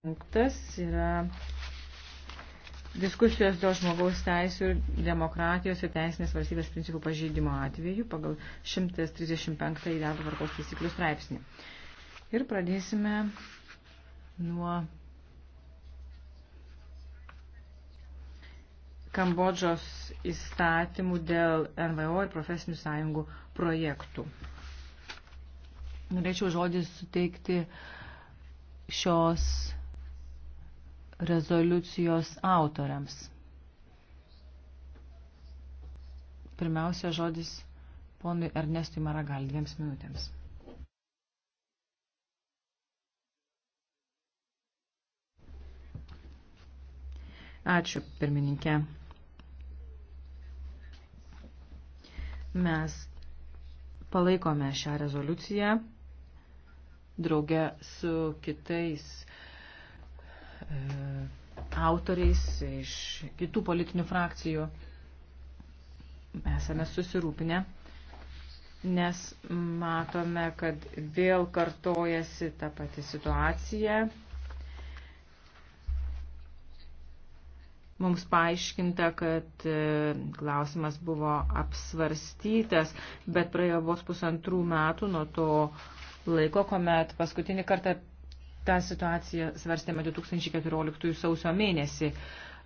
punktas yra diskusijos dėl žmogaus teisų ir demokratijos ir teisinės valstybės principų pažeidimo atveju pagal 135 darbo varkos taisyklių straipsnį. Ir pradėsime nuo Kambodžos įstatymų dėl NVO ir profesinių sąjungų projektų. Norėčiau žodį suteikti šios rezoliucijos autoriams. Pirmiausia žodis ponui Ernestui Maragal dviems minutėms. Ačiū, pirmininkė. Mes palaikome šią rezoliuciją draugę su kitais e, autoriais iš kitų politinių frakcijų esame susirūpinę, nes matome, kad vėl kartojasi ta pati situacija. Mums paaiškinta, kad e, klausimas buvo apsvarstytas, bet praėjo vos pusantrų metų nuo to laiko, kuomet paskutinį kartą tą situaciją svarstėme 2014 sausio mėnesį.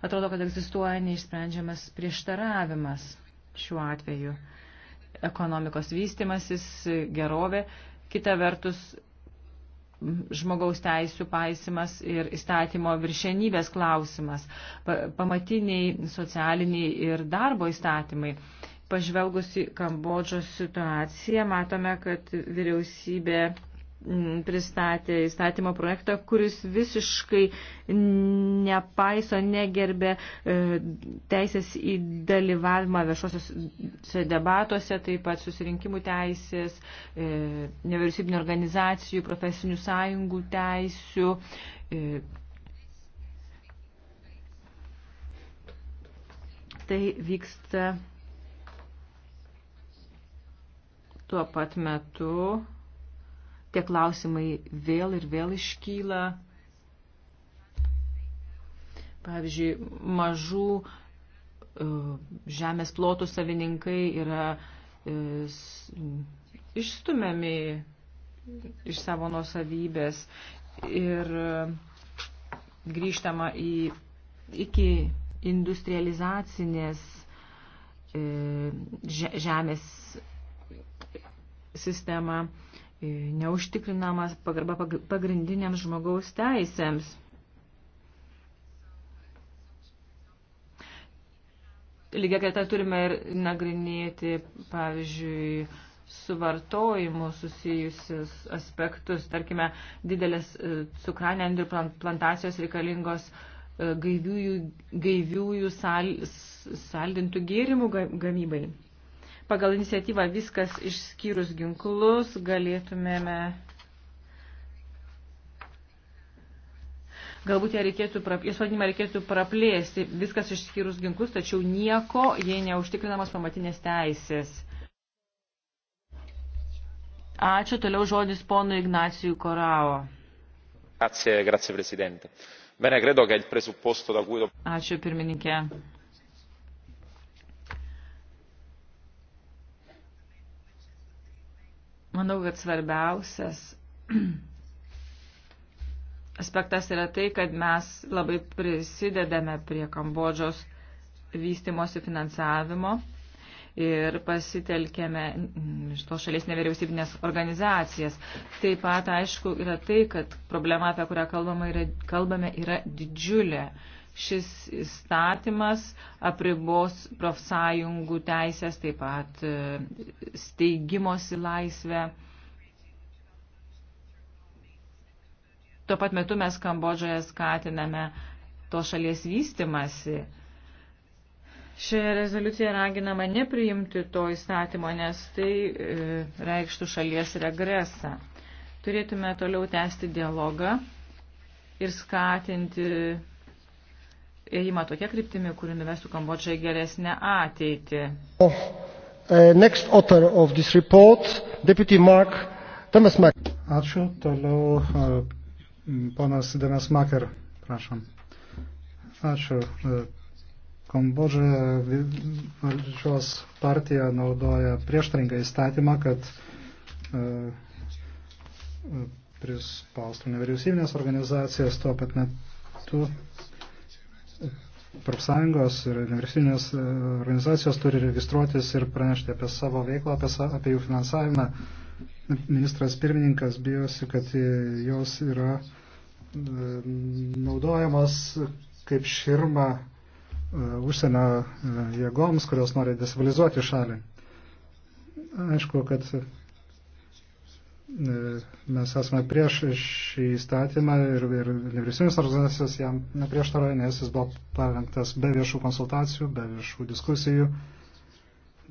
Atrodo, kad egzistuoja neišsprendžiamas prieštaravimas šiuo atveju. Ekonomikos vystimasis, gerovė, kita vertus žmogaus teisų paisimas ir įstatymo viršenybės klausimas, pamatiniai socialiniai ir darbo įstatymai. Pažvelgus į Kambodžos situaciją, matome, kad vyriausybė pristatė įstatymo projektą, kuris visiškai nepaiso, negerbė e, teisės į dalyvavimą viešosiuose debatuose, taip pat susirinkimų teisės, e, nevyriausybinio organizacijų, profesinių sąjungų teisių. E, tai vyksta tuo pat metu Tie klausimai vėl ir vėl iškyla. Pavyzdžiui, mažų e, žemės plotų savininkai yra e, išstumiami iš savo nuosavybės ir e, grįžtama į, iki industrializacinės žemės sistemą neužtikrinamas pagarba pagrindiniams žmogaus teisėms. Lygiai greta turime ir nagrinėti, pavyzdžiui, su vartojimu susijusius aspektus, tarkime, didelės e, cukranendrių plantacijos reikalingos e, gaiviųjų, gaiviųjų sal, saldintų gėrimų gamybai pagal iniciatyvą viskas išskyrus ginklus galėtumėme. Galbūt ją reikėtų, jos vadinimą reikėtų praplėsti, viskas išskyrus ginklus, tačiau nieko, jei neužtikrinamos pamatinės teisės. Ačiū, toliau žodis ponui Ignacijui Korao. Grazie, grazie, Presidente. Bene, credo che il presupposto da cui... Ačiū, pirmininkė. Manau, kad svarbiausias aspektas yra tai, kad mes labai prisidedame prie Kambodžos vystimosi finansavimo ir pasitelkėme iš tos šalies nevyriausybinės organizacijas. Taip pat, aišku, yra tai, kad problema, apie kurią kalbame, yra, kalbame, yra didžiulė. Šis įstatymas apribos profsąjungų teisės, taip pat e, steigimosi laisvę. Tuo pat metu mes Kambodžoje skatiname tos šalies vystimasi Šioje rezoliucijoje raginama nepriimti to įstatymo, nes tai e, reikštų šalies regresą. Turėtume toliau tęsti dialogą ir skatinti ėjimą tokia kryptimi, kuri nuvestų Kambodžą į geresnę ateitį. Of, uh, e, next author of this report, Deputy Mark Demesmaker. Ačiū. Toliau uh, ponas Demesmaker, prašom. Ačiū. Uh, Kambodžoje valdžios partija naudoja prieštaringą įstatymą, kad uh, prispaustų nevyriausybinės organizacijas tuo pat metu profsąjungos ir nevyriausybinės e, organizacijos turi registruotis ir pranešti apie savo veiklą, apie, sa, apie jų finansavimą. Ministras pirmininkas bijosi, kad jos yra naudojamos kaip širma E, užsienio e, jėgoms, kurios nori destabilizuoti šalį. Aišku, kad e, mes esame prieš šį įstatymą ir, ir nevyriausybinės organizacijos jam neprieštaroja, nes jis buvo parengtas be viešų konsultacijų, be viešų diskusijų.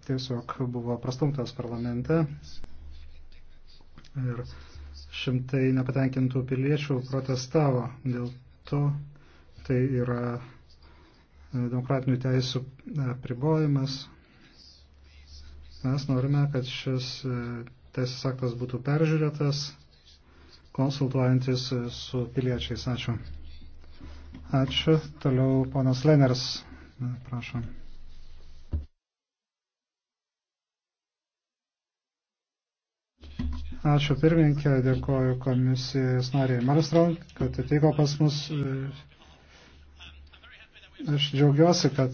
Tiesiog buvo prastumtas parlamente ir šimtai nepatenkintų piliečių protestavo dėl to. Tai yra E, demokratinių teisų e, pribojimas. Mes norime, kad šis e, teisės aktas būtų peržiūrėtas, konsultuojantis su piliečiais. Ačiū. Ačiū. Toliau ponas Leners. Prašom. Ačiū pirmininkė, dėkoju komisijos nariai Marstrom, kad atvyko pas mus Aš džiaugiuosi, kad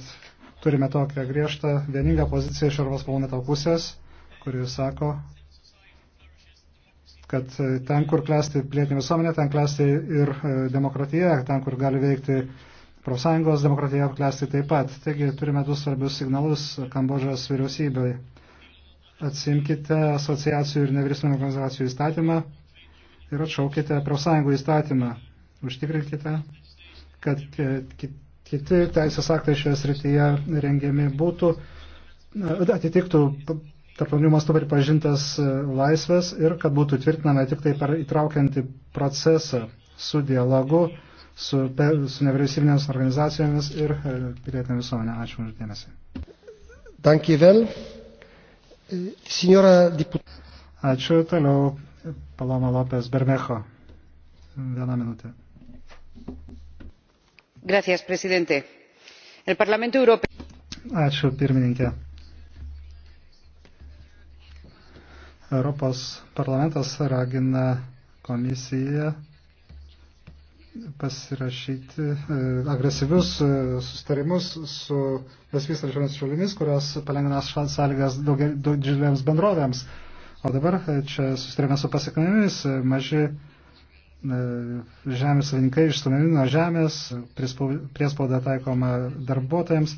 turime tokią griežtą vieningą poziciją iš Europos parlamento pusės, kuris sako, kad e, ten, kur klesti plėtinė visuomenė, ten klesti ir e, demokratija, ten, kur gali veikti profsąjungos demokratija, klesti taip pat. Taigi turime du svarbius signalus Kambodžos vyriausybei. Atsimkite asociacijų ir nevyriausybinio organizacijų įstatymą ir atšaukite profsąjungų įstatymą. Užtikrinkite, kad e, kiti kiti teisės aktai šioje srityje rengiami būtų, e, atitiktų tarptautiniu mastu pripažintas e, laisvės ir kad būtų tvirtinama tik tai per įtraukiantį procesą su dialogu, su, su nevyriausybinėmis organizacijomis ir e, pilietinė visuomenė. Ačiū už dėmesį. Dankyvel. Signora diput... Ačiū. Toliau Paloma Lopės Bermecho. Viena minutė señor presidente el parlamento europeo. ačiū pirmininke. europos parlamentas ragina komisiją pasirašyti e, agresyvius e, sustarimus su besivystančiomis šalimis, kurios palengvina sąlygas didžiulėms bendrovėms. O dabar e, čia sustarėme su pasiekmėmis maži E, žemės savininkai išstumiami nuo žemės, priespauda taikoma darbuotojams.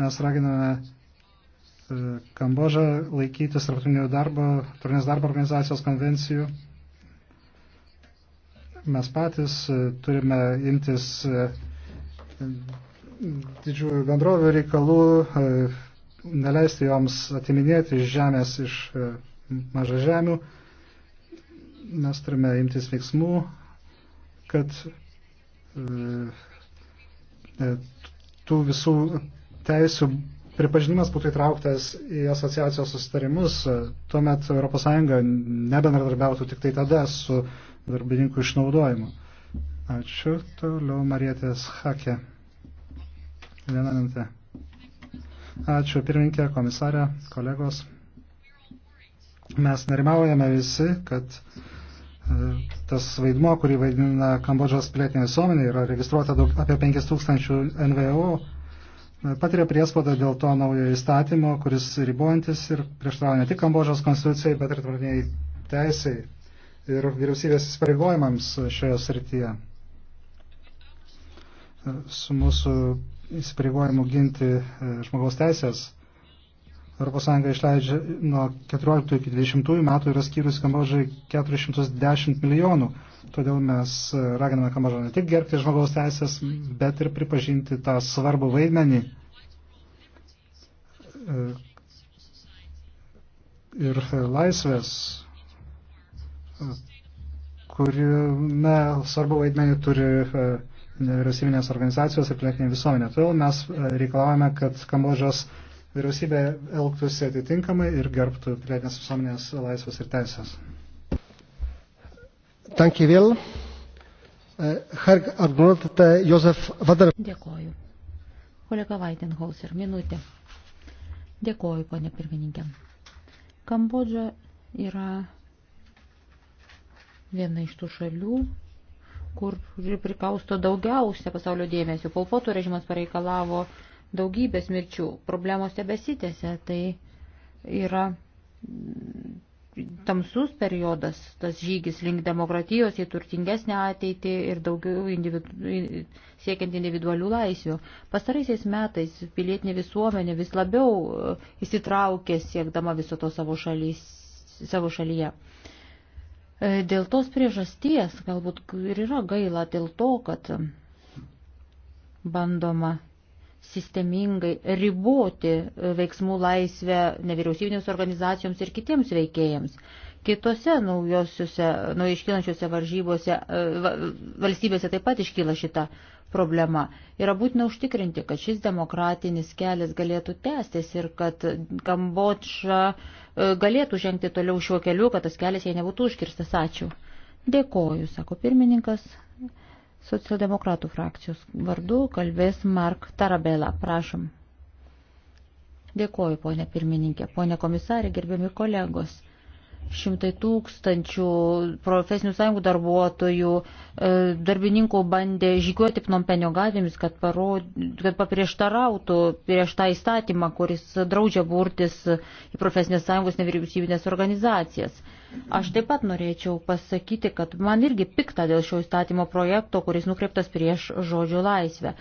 Mes raginame e, Kambožą laikytis tarptautinio darbo, tarptautinės darbo organizacijos konvencijų. Mes patys e, turime imtis didžiųjų bendrovių reikalų, neleisti joms atiminėti žemės iš mažažemių. Mes turime imtis veiksmų, kad e, e, tų visų teisų pripažinimas būtų įtrauktas į asociacijos susitarimus, tuomet ES nebendradarbiautų tik tai tada su darbininkų išnaudojimu. Ačiū. Toliau Marietės Hakė. Vieną minutę. Ačiū pirminkė, komisarė, kolegos. Mes nerimaujame visi, kad uh, tas vaidmo, kurį vaidina Kambodžos pilietinė visuomenė, yra registruota daug, apie 5000 NVO, e, patiria priespaudą dėl to naujo įstatymo, kuris ribojantis ir prieštarauja ne tik Kambodžos konstitucijai, bet ir tvarniai teisai ir vyriausybės įsipareigojimams šioje srityje. E, su mūsų įsipareigojimu ginti e, žmogaus teisės ES išleidžia nuo 14 iki 20 metų yra skyrus Kambodžai 410 milijonų. Todėl mes e, raginame Kambodžą ne tik gerbti žmogaus teisės, bet ir pripažinti tą svarbų vaidmenį e, ir laisvės, e, kuriame svarbu vaidmenį turi nevyriausybinės organizacijos ir plėtinė visuomenė. Todėl mes reikalavome, kad Kambodžos vyriausybė elgtųsi atitinkamai ir gerbtų pilietinės visuomenės laisvės ir teisės. Uh, uh, Dėkoju. Kolega Vaidenhauser, minutė. Dėkoju, ponė pirmininkė. Kambodža yra viena iš tų šalių, kur prikausto daugiausia pasaulio dėmesio. Polpoto režimas pareikalavo daugybės mirčių, problemos tebesitėse, tai yra mm, tamsus periodas, tas žygis link demokratijos į turtingesnę ateitį ir daugiau individu, siekiant individualių laisvių. Pastaraisiais metais pilietinė visuomenė vis labiau e, įsitraukė siekdama viso to savo, šalys, savo šalyje. E, dėl tos priežasties galbūt ir yra gaila dėl to, kad bandoma sistemingai riboti veiksmų laisvę nevyriausybinėms organizacijoms ir kitiems veikėjams. Kitose naujai iškylančiose varžybose e, valstybėse taip pat iškyla šita problema. Yra būtina užtikrinti, kad šis demokratinis kelias galėtų tęstis ir kad Kambodža e, galėtų žengti toliau šiuo keliu, kad tas kelias jai nebūtų užkirstas. Ačiū. Dėkoju, sako pirmininkas. Socialdemokratų frakcijos vardu kalbės Mark Tarabela. Prašom. Dėkuoju, ponė pirmininkė, ponė komisarė, gerbiami kolegos šimtai tūkstančių profesinių sąjungų darbuotojų, e, darbininkų bandė žygiuoti Pnompenio gatvėmis, kad, parod... kad paprieštarautų prieš tą įstatymą, kuris draudžia burtis į profesinės sąjungos nevyriausybinės organizacijas. Aš taip pat norėčiau pasakyti, kad man irgi pikta dėl šio įstatymo projekto, kuris nukreiptas prieš žodžio laisvę.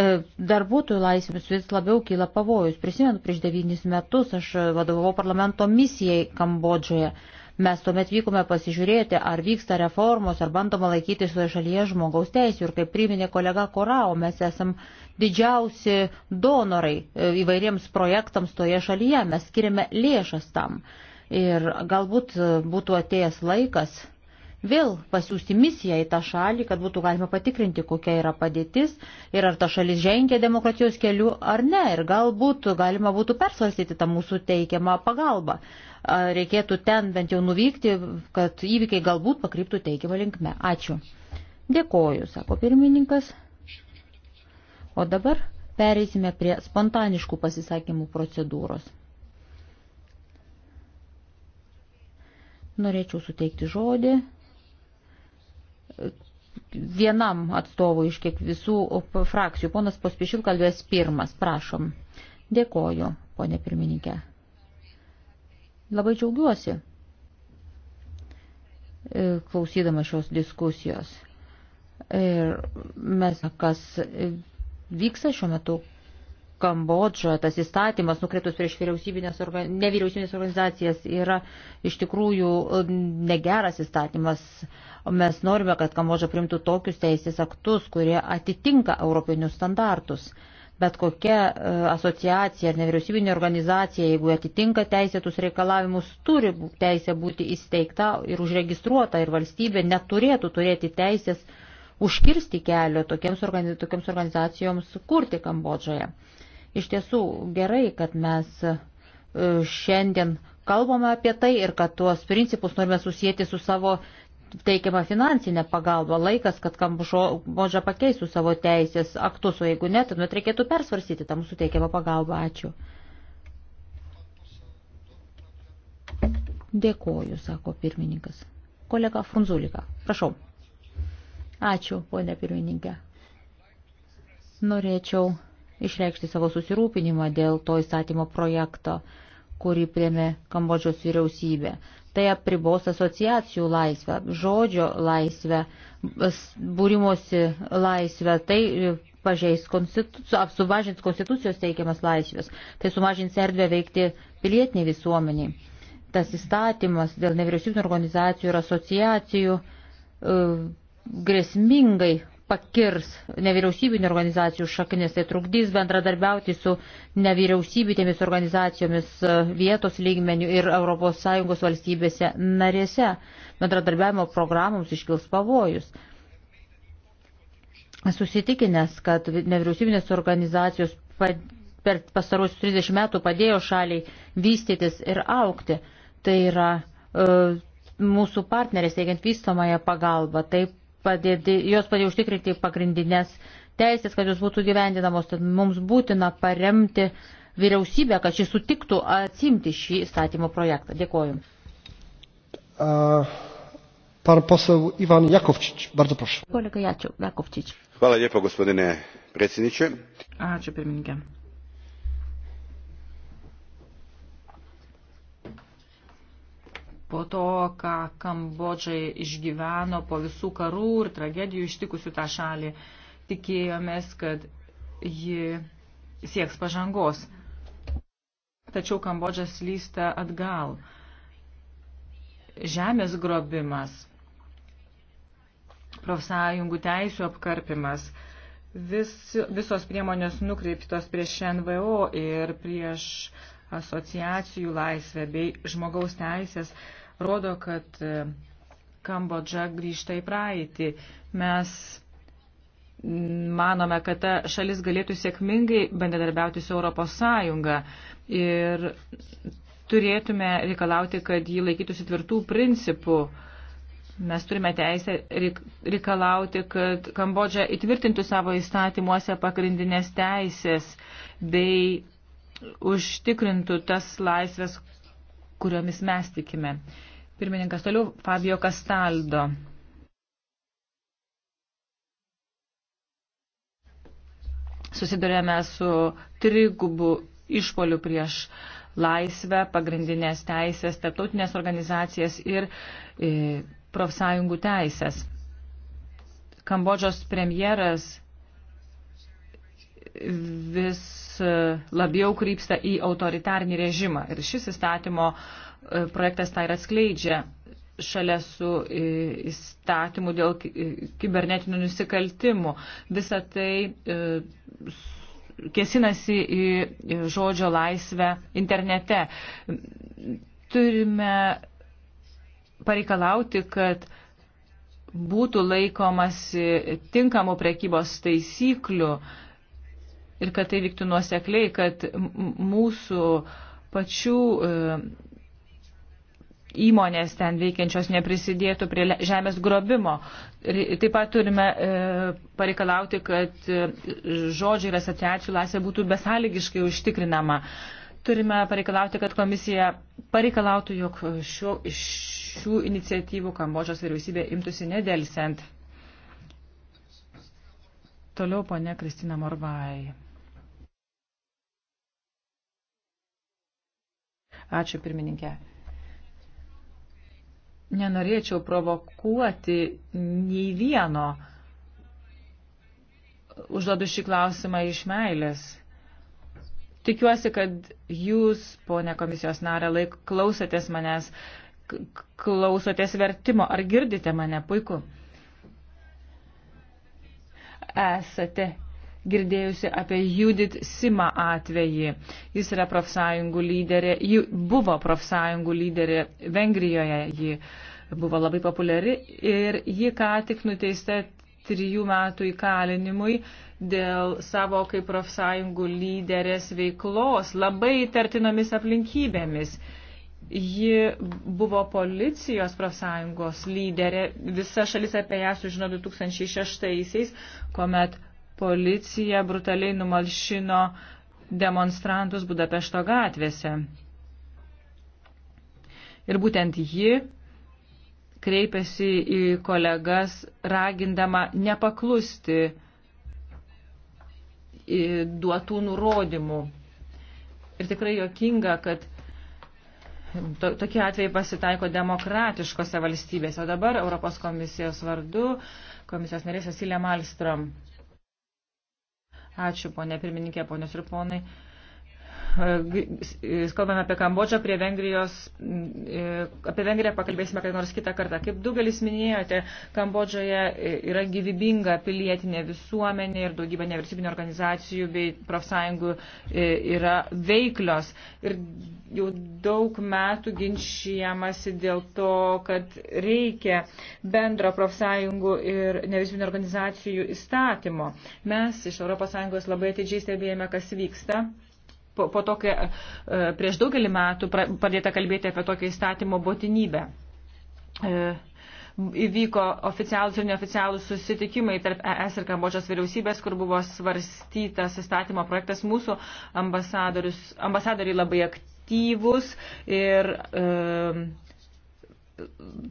E, darbuotojų laisvėms vis labiau kyla pavojus. Prisimenu, prieš devynis metus aš vadovavau parlamento misijai Kambodžoje. Mes tuomet vykome pasižiūrėti, ar vyksta reformos, ar bandoma laikyti šioje šalyje žmogaus teisų. Ir kaip priminė kolega Korao, mes esam didžiausi donorai e, įvairiems projektams toje šalyje. Mes skiriame lėšas tam. Ir galbūt e, būtų atėjęs laikas vėl pasiūsti misiją į tą šalį, kad būtų galima patikrinti, kokia yra padėtis ir ar ta šalis žengia demokratijos keliu ar ne. Ir galbūt galima būtų persvarstyti tą mūsų teikiamą pagalbą. Reikėtų ten bent jau nuvykti, kad įvykiai galbūt pakryptų teikiamą linkme. Ačiū. Dėkoju, sako pirmininkas. O dabar pereisime prie spontaniškų pasisakymų procedūros. Norėčiau suteikti žodį vienam atstovui iš kiek visų frakcijų. Ponas Pospišil kalbės pirmas, prašom. Dėkoju, ponė pirmininkė. Labai džiaugiuosi e, klausydama šios diskusijos. Ir mes, kas vyksta šiuo metu Kambodžoje tas įstatymas nukreiptus prieš organi nevyriausybinės organizacijas yra iš tikrųjų uh, negeras įstatymas. Mes norime, kad Kambodža primtų tokius teisės aktus, kurie atitinka europinius standartus. Bet kokia uh, asociacija ar nevyriausybinė organizacija, jeigu atitinka teisėtus reikalavimus, turi teisę būti įsteigta ir užregistruota ir valstybė neturėtų turėti teisės užkirsti kelio tokiems, organiz, tokiems organizacijoms kurti Kambodžoje. Iš tiesų gerai, kad mes e, šiandien kalbame apie tai ir kad tuos principus norime susijęti su savo teikiama finansinė pagalba, laikas, kad Kambodža pakeistų savo teisės aktus, o jeigu ne, tai net reikėtų persvarsyti tą mūsų teikiamą pagalbą. Ačiū. Dėkoju, sako pirmininkas. Kolega Frunzulika, prašau. Ačiū, ponė pirmininkė. Norėčiau išreikšti savo susirūpinimą dėl to įstatymo projekto, kurį priemė Kambodžos vyriausybė. Tai apribos asociacijų laisvę, žodžio laisvę, būrimosi laisvę, tai e, pažeis konstitucijos, sumažins konstitucijos teikiamas laisvės, tai sumažins erdvę veikti pilietiniai visuomeniai. Tas įstatymas dėl nevyriausybinio organizacijų ir asociacijų e, grėsmingai pakirs nevyriausybinio organizacijų šaknis, tai trukdys bendradarbiauti su nevyriausybinėmis organizacijomis e, vietos lygmenių ir ES valstybėse narėse. Bendradarbiavimo programoms iškils pavojus. Susitikinęs, kad nevyriausybinės organizacijos per pastarosius 30 metų padėjo šaliai vystytis ir aukti. Tai yra e, mūsų partneris, teikiant vystomąją pagalbą, taip padėti, jos padėjo užtikrinti pagrindinės teisės, kad jos būtų gyvendinamos. Tad mums būtina paremti vyriausybę, kad šis sutiktų atsimti šį statymo projektą. Dėkoju. Uh, pan posel Ivan Jakovčič, bardzo proszę. Kolega Jačiu, Jakovčič. Hvala lijepo, gospodine predsjedniče. Ačiū, pirmininkė. po to, ką Kambodžai išgyveno po visų karų ir tragedijų ištikusių tą šalį, tikėjomės, kad ji sieks pažangos. Tačiau Kambodža slysta atgal. Žemės grobimas, profsąjungų teisų apkarpimas, vis, visos priemonės nukreiptos prieš NVO ir prieš asociacijų laisvę bei žmogaus teisės rodo, kad e, Kambodža grįžta į praeitį. Mes manome, kad ta šalis galėtų sėkmingai bendradarbiauti su Europos Sąjunga ir turėtume reikalauti, kad jį laikytųsi tvirtų principų. Mes turime teisę reikalauti, kad Kambodža įtvirtintų savo įstatymuose pagrindinės teisės bei užtikrintų tas laisvės, kuriomis mes tikime. Pirmininkas toliau Fabio Castaldo. Susidurėme su trigubu išpoliu prieš laisvę, pagrindinės teisės, tarptautinės organizacijas ir e, profsąjungų teisės. Kambodžos premjeras vis e, labiau krypsta į autoritarnį režimą ir šis įstatymo E, projektas tą tai ir atskleidžia šalia su e, įstatymu dėl e, kibernetinių nusikaltimų. Visa tai kėsinasi į žodžio laisvę internete. Turime pareikalauti, kad būtų laikomasi tinkamų prekybos taisyklių ir kad tai vyktų nuosekliai, kad mūsų pačių įmonės ten veikiančios neprisidėtų prie žemės grobimo. Taip pat turime e, pareikalauti, kad e, žodžių ir asociacijų laisvė būtų besąlygiškai užtikrinama. Turime pareikalauti, kad komisija pareikalautų, jog šio, šių iniciatyvų Kambodžos vyriausybė imtųsi nedelsiant. Toliau ponia Kristina Morvai. Ačiū pirmininkė nenorėčiau provokuoti nei vieno. Užduodu šį klausimą iš meilės. Tikiuosi, kad jūs, ponė komisijos narė, laik klausotės manęs, klausotės vertimo. Ar girdite mane? Puiku. Esate girdėjusi apie Judith Sima atvejį. Jis yra profsąjungų lyderė, ji buvo profsąjungų lyderė Vengrijoje, ji buvo labai populiari ir ji ką tik nuteista trijų metų įkalinimui dėl savo kaip profsąjungų lyderės veiklos labai įtartinomis aplinkybėmis. Ji buvo policijos profsąjungos lyderė, visa šalis apie ją sužino 2006-aisiais, kuomet policija brutaliai numalšino demonstrantus Budapešto gatvėse. Ir būtent ji kreipėsi į kolegas, ragindama nepaklusti duotų nurodymų. Ir tikrai jokinga, kad to, tokie atvejai pasitaiko demokratiškose valstybėse. O dabar Europos komisijos vardu komisijos narės Asilė Malstrom. Ačiū, ponė pirmininkė, ponės ir ponai kalbame apie Kambodžą, prie Vengrijos, apie Vengriją pakalbėsime kai nors kitą kartą. Kaip daugelis minėjote, Kambodžoje yra gyvybinga pilietinė visuomenė ir daugybė nevyriausybinio organizacijų bei profsąjungų e, yra veiklios. Ir jau daug metų ginčijamasi dėl to, kad reikia bendro profsąjungų ir nevyriausybinio organizacijų įstatymo. Mes iš ES labai atidžiai stebėjome, kas vyksta po, po to, kai e, prieš daugelį metų pradėta kalbėti apie tokią įstatymo būtinybę. E, įvyko oficialus ir neoficialus susitikimai tarp ES ir Kambodžos vyriausybės, kur buvo svarstytas įstatymo projektas. Mūsų ambasadoriai labai aktyvus ir e,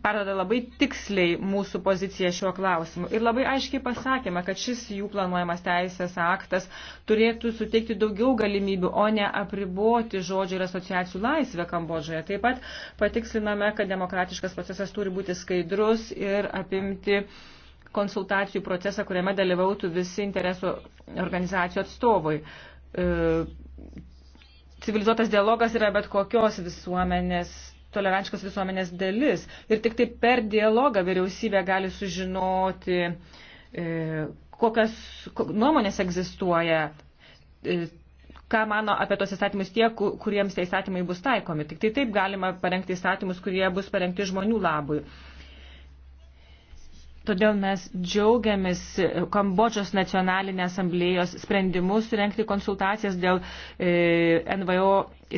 perdoda labai tiksliai mūsų poziciją šiuo klausimu. Ir labai aiškiai pasakėme, kad šis jų planuojamas teisės aktas turėtų suteikti daugiau galimybių, o ne apriboti žodžių ir asociacijų laisvę Kambodžoje. Taip pat patiksliname, kad demokratiškas procesas turi būti skaidrus ir apimti konsultacijų procesą, kuriame dalyvautų visi interesų organizacijų atstovai. E, civilizuotas dialogas yra bet kokios visuomenės tolerančios visuomenės dalis. Ir tik tai per dialogą vyriausybė gali sužinoti, e, kokias nuomonės egzistuoja, e, ką mano apie tos įstatymus tie, kuriems tie įstatymai bus taikomi. Tik tai taip galima parengti įstatymus, kurie bus parengti žmonių labui. Todėl mes džiaugiamės Kambodžos nacionalinės asamblėjos sprendimus surenkti konsultacijas dėl e, NVO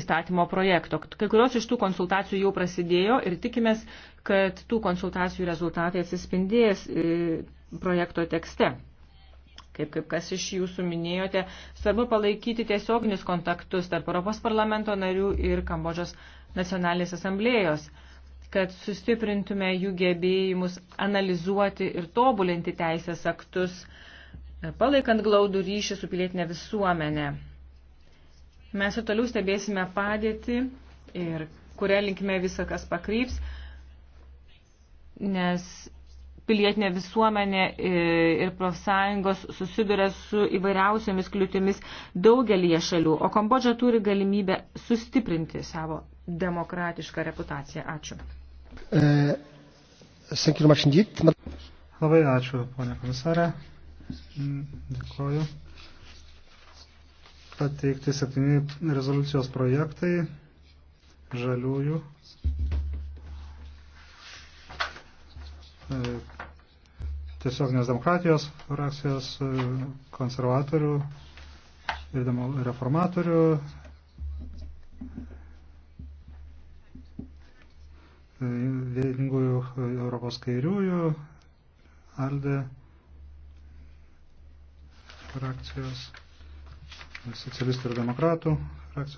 įstatymo projekto. Kai kurios iš tų konsultacijų jau prasidėjo ir tikimės, kad tų konsultacijų rezultatai atsispindės e, projekto tekste. Kaip, kaip kas iš jūsų minėjote, svarbu palaikyti tiesioginius kontaktus tarp Europos parlamento narių ir Kambodžos nacionalinės asamblėjos. E, kad sustiprintume jų gebėjimus analizuoti ir tobulinti teisės aktus, palaikant glaudų ryšį su pilietinė visuomenė. Mes ir toliau stebėsime padėtį ir kurią linkime visą kas pakryps, nes pilietinė visuomenė e, ir profsąjungos susiduria su įvairiausiamis kliūtimis daugelįje šalių, o Kambodža turi galimybę sustiprinti savo demokratišką reputaciją. Ačiū. Uh, Labai ačiū, ponė komisarė. Mm, dėkoju. Pateikti septyni rezoliucijos projektai žaliųjų. E, tiesioginės demokratijos frakcijos e, konservatorių ir reformatorių vieningųjų Europos kairiųjų, ALDE frakcijos, socialistų ir demokratų